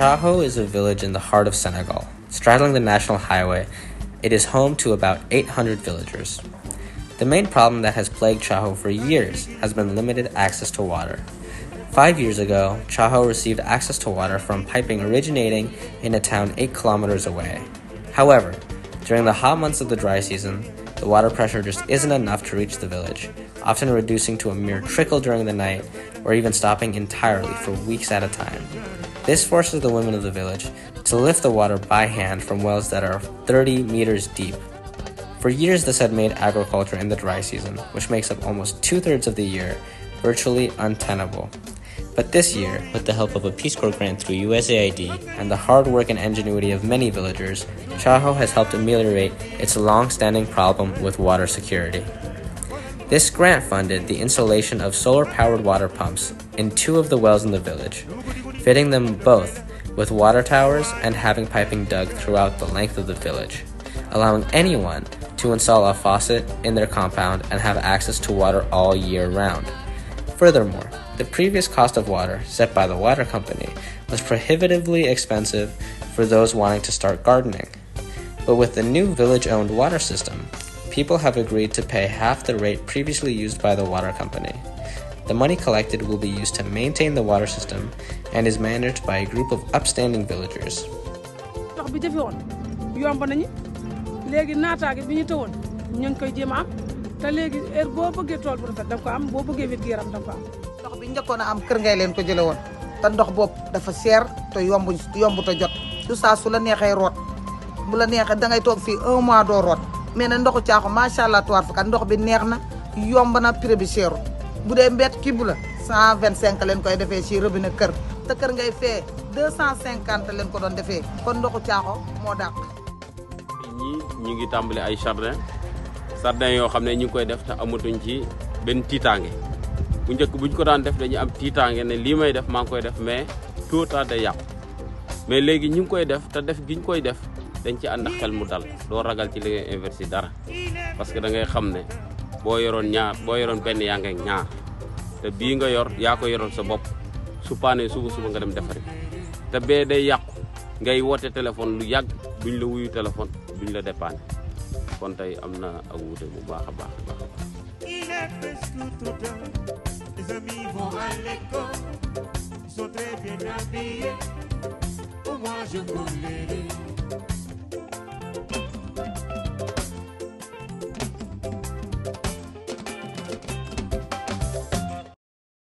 Chaho is a village in the heart of Senegal, straddling the national highway. It is home to about 800 villagers. The main problem that has plagued Chaho for years has been limited access to water. Five years ago, Chaho received access to water from piping originating in a town 8 kilometers away. However, during the hot months of the dry season, the water pressure just isn't enough to reach the village, often reducing to a mere trickle during the night or even stopping entirely for weeks at a time. This forces the women of the village to lift the water by hand from wells that are 30 meters deep. For years, this had made agriculture in the dry season, which makes up almost two thirds of the year, virtually untenable. But this year, with the help of a Peace Corps grant through USAID and the hard work and ingenuity of many villagers, Chaho has helped ameliorate its long standing problem with water security. This grant funded the installation of solar powered water pumps in two of the wells in the village fitting them both with water towers and having piping dug throughout the length of the village, allowing anyone to install a faucet in their compound and have access to water all year round. Furthermore, the previous cost of water set by the water company was prohibitively expensive for those wanting to start gardening. But with the new village owned water system, people have agreed to pay half the rate previously used by the water company. The money collected will be used to maintain the water system and is managed by a group of upstanding villagers. un mois mais budé mbét mbett kibb la 125 vingt koy défé ci robiné kër té kër ngay fé 250 cent ko doon défé kon ndoxu tiaxo mo dàq ñi ñi ngi tambalé ay jardin jardin yo xamné ñi koy def té amatuñ ci ben titangé bu ñëk buñ ko daan def dañu am titangé né li may def ma koy def mais tout tard day mais légui ñi ngi koy def té def giñ koy def dañ ci and xel mu dal do ragal ci li ngay investi dara parce que da ngay xamné bo yoron ñaar bo yoron ben yaangay ñaar te bii nga yor yaa ko yoral sa bopp su paanee suba suba nga dem defari te bee day yàqu ngay woote téléphone lu yàgg buñ la wuyu téléphone duñ la dépanné kon tey am na ak wuute bu baax a baax a baax.